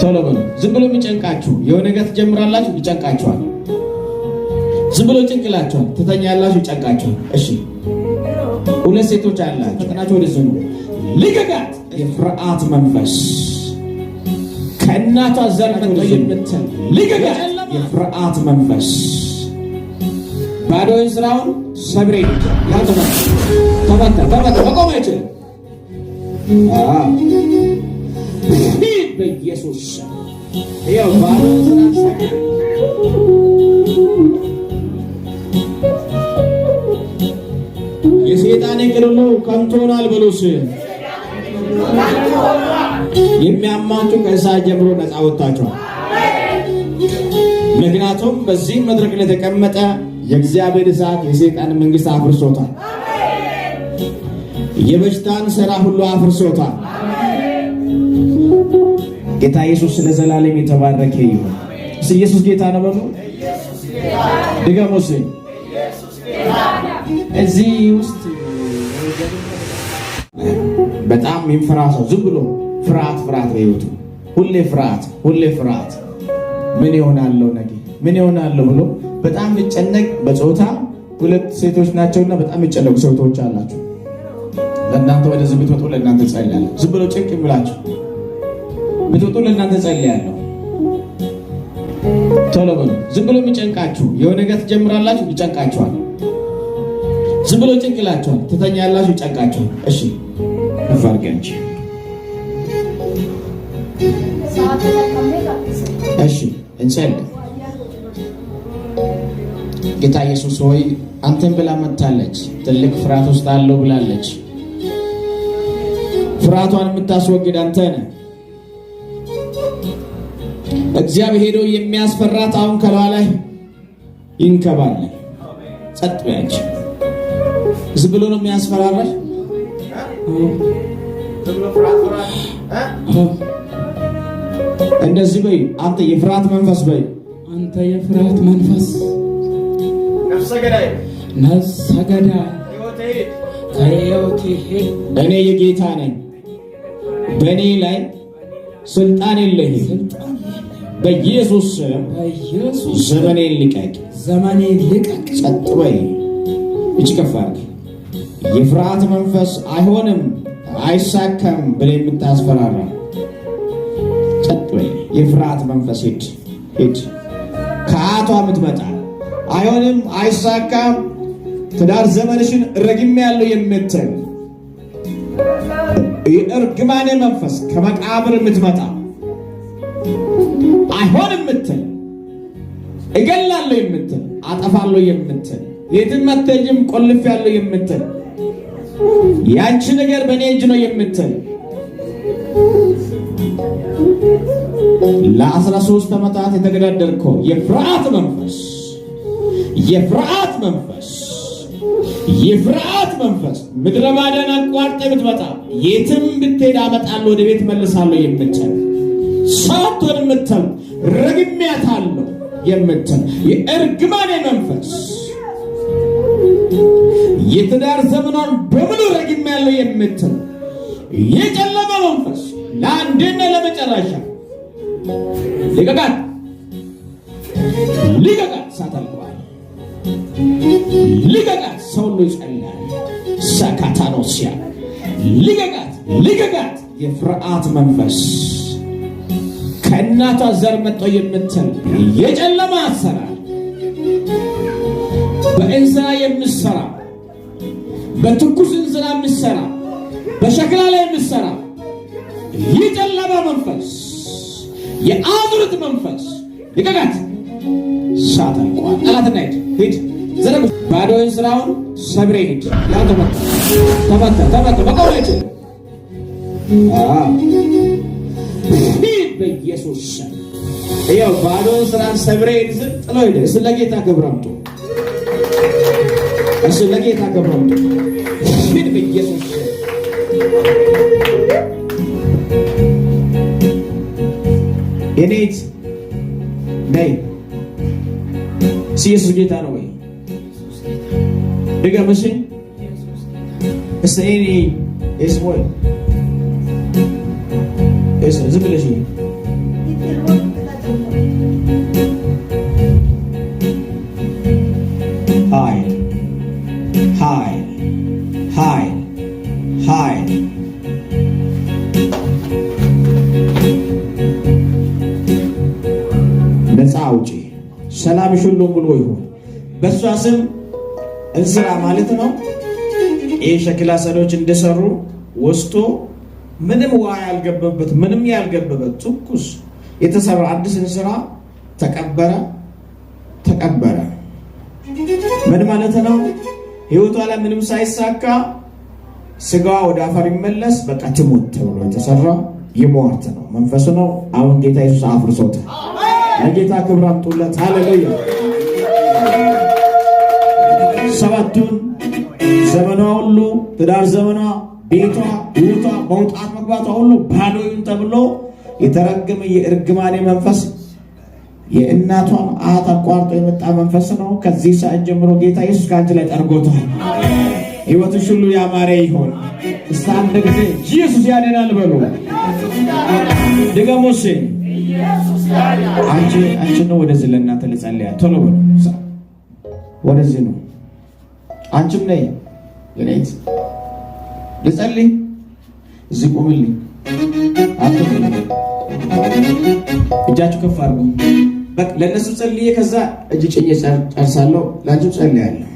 ቶሎ ብሎ ዝም ብሎ የሚጨንቃችሁ የሆነ ነገር ትጀምራላችሁ፣ ይጨንቃችኋል። ዝም ብሎ ጭንቅላችኋል፣ ትተኛላችሁ፣ ይጨንቃችኋል። እሺ ሁለት ሴቶች አላችሁ፣ ቀናችሁ ወደ ዝኑ ልቀቃት። የፍርሃት መንፈስ ከእናቷ ዘር መጥቶ የምትል ልቀቃት፣ የፍርሃት መንፈስ ባዶውን ስራውን ሰብሬ ያተመ ተመታ ተመታ መቆም አይችልም። በኢየሱስ ያው ባዶ የሰይጣን እቅድ ሁሉ ከንቱ ሆኗል። በሉስ የሚያማችሁ ከእሳት ጀምሮ ነፃ ወጥታችኋል። ምክንያቱም በዚህ መድረክ ላይ የተቀመጠ የእግዚአብሔር እሳት የሰይጣን መንግስት አፍርሶታል። የበሽታን ሥራ ሁሉ አፍርሶታል። ጌታ ኢየሱስ ለዘላለም የተባረከ ይሁን። ኢየሱስ ጌታ ነው በሉ ድገሙስ። እዚህ ውስጥ በጣም የሚፈራ ሰው ዝም ብሎ ፍርሃት ፍርሃት በሕይወቱ ሁሌ ፍርሃት ሁሌ ፍርሃት ምን ይሆናለሁ ነገ ምን ይሆናለሁ ብሎ በጣም የሚጨነቅ በጾታ ሁለት ሴቶች ናቸውና በጣም የሚጨነቁ ሰውቶች አላቸው። ለእናንተ ወደዚህ ብትወጡ ለእናንተ ጸልያለሁ። ዝም ብሎ ጭንቅ ይብላችሁ ብትወጡ ለእናንተ ጸልያለሁ። ቶሎ በሉ። ዝም ብሎ የሚጨንቃችሁ የሆነ ነገር ትጀምራላችሁ፣ ይጨንቃችኋል። ዝም ብሎ ጭንቅ ይላችኋል፣ ትተኛላችሁ፣ ይጨንቃችኋል። እሺ ፋርገንች እሺ እንጸልይ ጌታ ኢየሱስ ሆይ አንተን ብላ መጥታለች። ትልቅ ፍርሃት ውስጥ አለው ብላለች። ፍርሃቷን የምታስወግድ አንተ ነህ። እግዚአብሔር ሄዶ የሚያስፈራት አሁን ከኋላህ ይንከባለ። ጸጥ በያች። ዝም ብሎ ነው የሚያስፈራራሽ። እንደዚህ በይ አንተ የፍርሃት መንፈስ በይ አንተ የፍርሃት መንፈስ ነፍሰገዳይ ነፍሰገዳይ ከሕይወቴ እኔ የጌታ ነኝ፣ በእኔ ላይ ስልጣን የለህም። በኢየሱስ ዘመኔን ልቀቅ፣ ዘመኔን ልቀቅ። ጸጥ በይ። እጅ ከፍ የፍርሃት መንፈስ አይሆንም፣ አይሳካም ብለህ የምታስፈራራ ጸጥ በይ። የፍርሃት መንፈስ ሂድ፣ ሂድ ከአቷ የምትመጣ አይሆንም፣ አይሳካም፣ ትዳር ዘመንሽን ረግም ያለው የምትል የእርግማኔ መንፈስ ከመቃብር የምትመጣ አይሆንም የምትል እገላለሁ የምትል አጠፋለሁ የምትል የትም መተጅም ቆልፍ ያለው የምትል ያንቺ ነገር በእኔ እጅ ነው የምትል ለአስራ ሶስት ዓመታት የተገዳደርከው የፍርሃት መንፈስ የፍርሃት መንፈስ የፍርሃት መንፈስ ምድረ ባዳን አቋርጠ ብትመጣ የትም ብትሄድ አመጣለሁ ወደ ቤት መልሳለሁ የምትል ሳትሆን የምትል ረግሜያታለሁ የምትል የእርግማኔ መንፈስ የትዳር ዘመኗን በሙሉ ረግሜያለሁ የምትል የጨለመ መንፈስ ለአንዴና ለመጨረሻ ሊቀቃት ሊቀቃት እሳት ልቀቃት ሰው ሁሉ ይጸልያል። ሰካታኖሲያ ልቀቃት፣ ልቀቃት የፍርሃት መንፈስ ከእናቷ ዘር መጥቶ የምትል የጨለማ አሰራ በእንስራ የምሰራ በትኩስ እንስራ የምሰራ በሸክላ ላይ የምሰራ የጨለማ መንፈስ የአዙሪት መንፈስ ልቀቃት። እሳት አልቋል ሂድ ሂድ ዘረግ ባዶህን ስራውን ሰብሬ ሂድ ያ ተመታ ተመታ ተመታ ሂድ በኢየሱስ ያው ባዶህን ስራን ሰብሬ ሂድ ስል ጥሎ ሄደ እሱ ለጌታ ክብር እሱ ለጌታ ክብር ሂድ በኢየሱስ የኔት ነይ እሱ ኢየሱስ ጌታ ነው ወይ? ድገም። እሺ እስ እኔ እስ ወይ እስ ዝም ብለሽ ኃይል ኃይል ኃይል ኃይል ነፃ አውጪ ሰላም ሁሉ ሙሉ ይሁን። በእሷ ስም እንስራ ማለት ነው። ይህ ሸክላ ሰሪዎች እንደሰሩ ወስቶ ምንም ውሃ ያልገበበት ምንም ያልገበበት ትኩስ የተሰራ አዲስ እንስራ ተቀበረ ተቀበረ። ምን ማለት ነው? ህይወቷ ላይ ምንም ሳይሳካ ስጋዋ ወደ አፈር ይመለስ፣ በቃ ትሞት ተብሎ የተሰራ ይሟርት ነው መንፈሱ ነው። አሁን ጌታ ኢየሱስ አፍርሶታል። ለጌታ ክብር አምጡለት። ሃሌሉያ ሰባቱን ዘመኗ ሁሉ ትዳር ዘመኗ፣ ቤቷ፣ ቤቷ መውጣት መግባቷ ሁሉ ባዶ ይሁን ተብሎ የተረገመ የእርግማኔ መንፈስ የእናቷን አት አቋርጦ የመጣ መንፈስ ነው። ከዚህ ሰዓት ጀምሮ ጌታ ኢየሱስ ከአንቺ ላይ ጠርጎታል። ህይወትሽ ሁሉ ያማረ ይሆን። እስከ አንድ ጊዜ ኢየሱስ ያድናል በሉ ድገሞሴ አንቺ ነው ወደዚህ ለእናንተ ልጸልያ ቶሎ በሉ። ወደዚህ ነው አንቺም ነይ የኔት ልጸልይ። እዚህ ቁምልኝ። እጃችሁ ከፍ አድርጉ። በቃ ለእነሱ ጸልዬ ከዛ እጅ ጭኜ ጨርሳለሁ። ለአንቺም ጸልያለሁ።